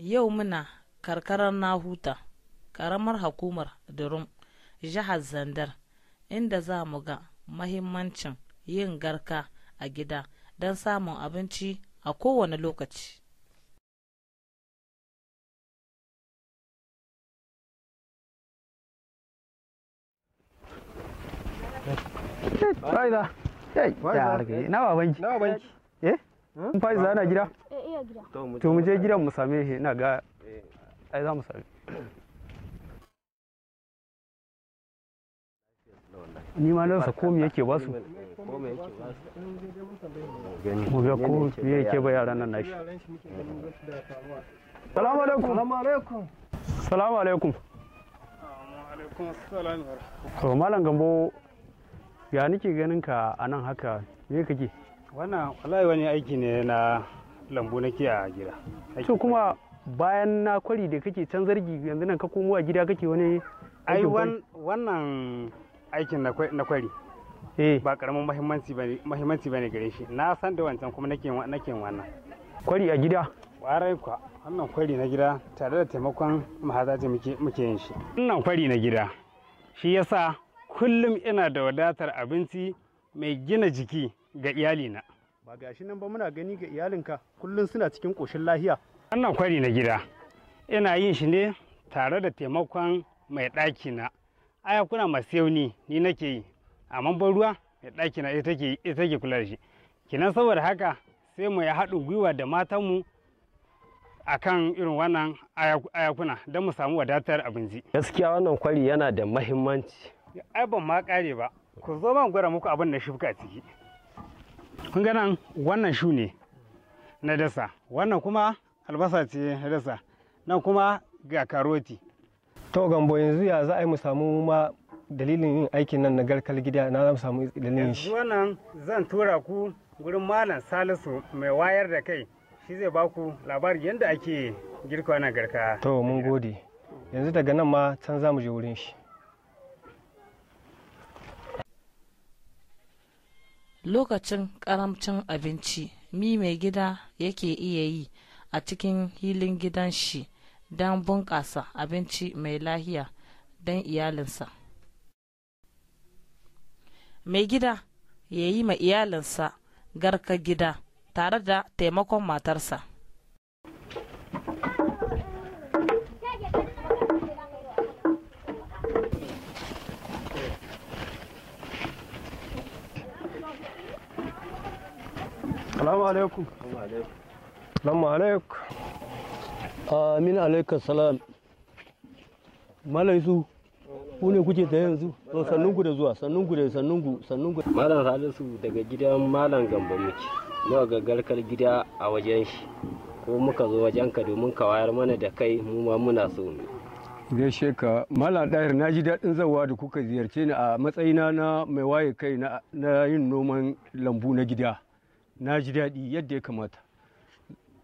yau muna karkarar na huta karamar hukumar durum jihar zandar inda za mu ga mahimmancin yin garka a gida don samun abinci a kowane lokaci ba banki? ba banki? Eh? in fa'iza yana eh, gida to mu je gidan mu same shi ga eh. ai za mu same ni ma nan ko me yake ba su mu ga ko me yake ba yaran nan nashi salamu alaikum salamu alaikum salamu alaikum to malam gambo ya nake ganin ka anan haka me kake wannan wallahi wani aiki ne na lambu nake a gida to kuma bayan na kwari da kake can zargi yanzu nan ka komo a gida kake wani ai wannan aikin na kwari eh. ba karamin muhimmanci ba ne gare shi na san da wancan kuma nake wannan kwari a gida warai kwa wannan kwari na gida tare da taimakon mahaza ce muke yin shi wannan kwari na gida shi yasa kullum ina da wadatar abinci mai gina jiki ga iyalina ba gashi nan ba muna gani ga iyalinka kullum suna cikin ƙoshin lahiya wannan kwari na gida ina yin shi ne tare da taimakon mai ɗaki na aya kuna masu yauni ni nake yi amma ban ruwa mai ɗaki na ita ke kula da shi kinan saboda haka sai mu ya haɗin gwiwa da matanmu mu akan irin wannan ayakuna don mu samu wadatar abinci. Gaskiya wannan kwari yana da mahimmanci. Ai ban ma ƙare ba, ku zo ban gwada muku abin da shifka ciki. kun ga nan wannan shu ne na dasa wannan kuma albasa ce na dasa nan kuma ga karoti to gambo yanzu ya za a yi mu samu ma dalilin yin aikin nan na Garkar gida na za mu samu dalilin shi Yanzu wannan zan tura ku gurin malam salisu mai wayar da kai shi zai ba ku labarin yadda ake girka wannan garka to mun gode yanzu daga nan ma can za mu je wurin shi lokacin karamcin abinci mi mai gida yake iya yi a cikin hilin gidan shi don bunƙasa abinci mai lahiya don iyalinsa mai gida ya yi ma iyalinsa garka gida tare da taimakon matarsa Salamu alaikum. Salamu alaikum. Amin alaikum salam. Malaisu, ku ne kuke ta yanzu? To sannunku da zuwa, sannunku da sannunku, sannunku. Malam Salisu daga gidan Malam Gambo muke. Muka ga garkar gida a wajen shi. Ko muka zo wajen ka domin ka wayar mana da kai mu ma muna so ne. Gaishe ka Malam Dahir na ji daɗin zawa da kuka ziyarce ni a matsayina na mai waye kai na yin noman lambu na gida. na ji daɗi yadda ya kamata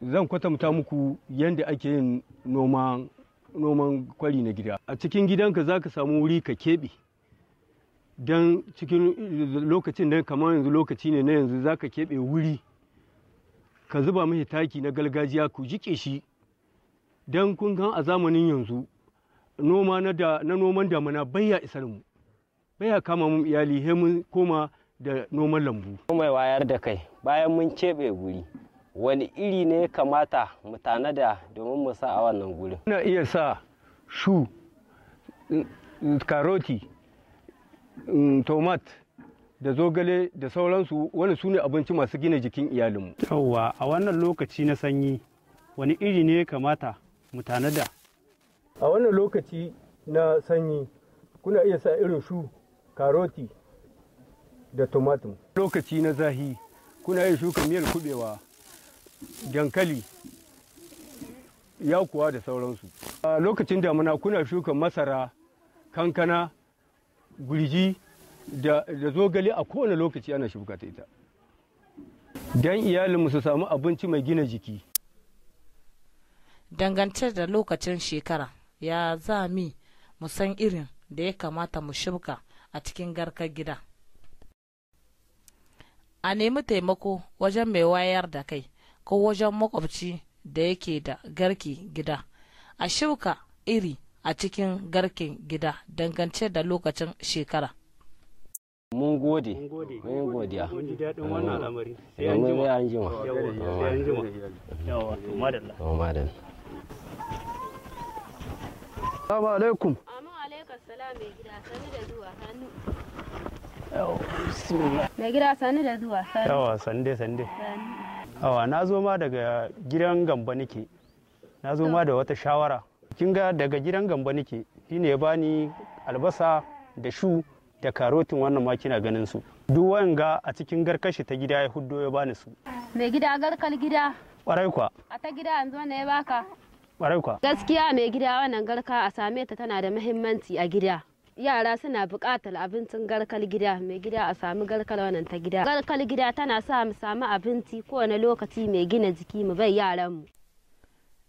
zan kwatanta muku yadda ake yin noman kwari na gida a cikin gidanka za ka samu wuri ka keɓe don cikin lokacin da kamar yanzu lokaci ne na yanzu za ka keɓe wuri ka zuba mashi taki na gargajiya ku jiƙe shi don kun kan a zamanin yanzu na noman damana baya isar mu baya kama mun iyali he mun koma da noman lambu. mai wayar da kai bayan mun keɓe guri wani iri ne ya kamata mu tanada domin mu sa a wannan gurin. Muna iya sa shu, karoti, mm, tomat da zogale da sauransu wani su ne abinci masu gina jikin iyalinmu. Yawwa a wannan lokaci na sanyi wani iri ne ya kamata mu tanada. A wannan lokaci na sanyi kuna iya sa irin shu, karoti, da tumatir lokaci na zahi kuna yin shuka miyar kubewa dankali yakuwa da sauransu a lokacin damuna kuna shuka masara kankana gurji da zogale a kowane lokaci ana shuka ta ita don iyalinmu su samu abinci mai gina jiki dangantar da lokacin shekara ya zami mu san irin da ya kamata mu shuka a cikin garkar gida a nemi taimako wajen mai wayar da kai ko wajen makwabci da yake da garki gida a shuka iri a cikin garkin gida dangance da lokacin shekara mun gode mun godiya mun daɗin wannan al'amari eh, sai an yawa madalla alaikum amma alaikum salam mai gida sani da zuwa hannu Mai gida sani da zuwa sani. Yawa sande sande. Awa na zo ma daga gidan gamba nake. Na zo ma da wata shawara. Kin ga daga gidan gamba nake shine ya bani albasa da shu da karotin wannan ma kina ganin su. Duk wanga a cikin garkashi ta gida ya huddo ya bani su. Mai gida garkal gida. Kwarai kwa. A ta gida yanzu wanda ya baka. Kwarai kwa. Gaskiya mai gida wannan garka a same ta tana da muhimmanci a gida. yara suna buƙatar abincin garkal gida mai gida a sami garkal wannan ta gida garkal gida tana sa mu sami abinci ko kowane lokaci mai gina jiki mu bai yaran mu.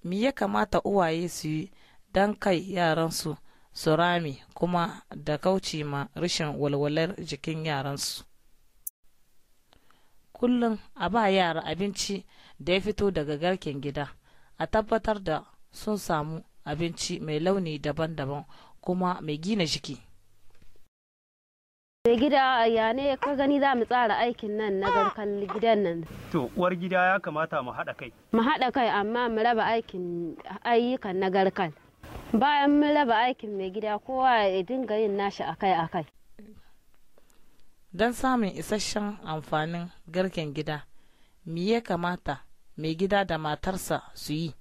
me ya kamata uwaye su yi don kai yaransu su rami kuma da kauce ma rashin walwalar jikin yaransu kullum a ba yara abinci da ya fito daga garken gida a tabbatar da sun samu abinci mai launi daban-daban kuma mai gina jiki mai gida ya ne ka gani za mu tsara aikin nan na garkan gidan nan to uwar gida ya kamata mu haɗa kai mu haɗa kai amma mu raba aikin ayyukan na garkan bayan mun raba aikin mai gida kowa ya dinga yin nashi akai akai don samun isasshen amfanin garken gida me ya kamata mai gida da matarsa su yi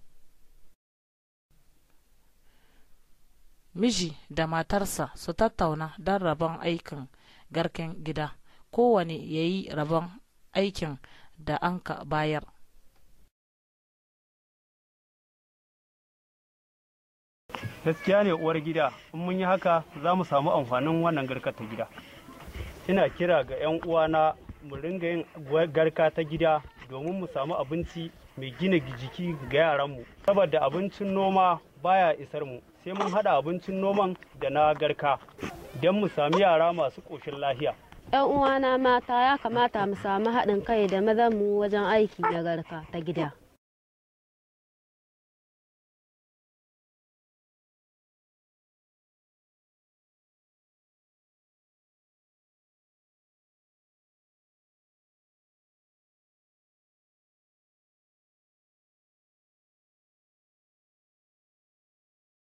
miji da matarsa su tattauna don rabon aikin garken gida kowane ya yi rabon aikin da an ka bayar gaskiya ne uwar gida in mun yi haka za mu samu amfanin wannan garka ta gida ina kira ga 'yan uwana mu ringa yin garka ta gida domin mu samu abinci mai gina jiki ga yaranmu saboda abincin noma baya isar mu sai mun hada abincin noman da na garka don mu sami yara masu ƙoshin lahiya. 'yan uwana mata ya kamata mu samu haɗin kai da mazanmu wajen aiki da garka ta gida.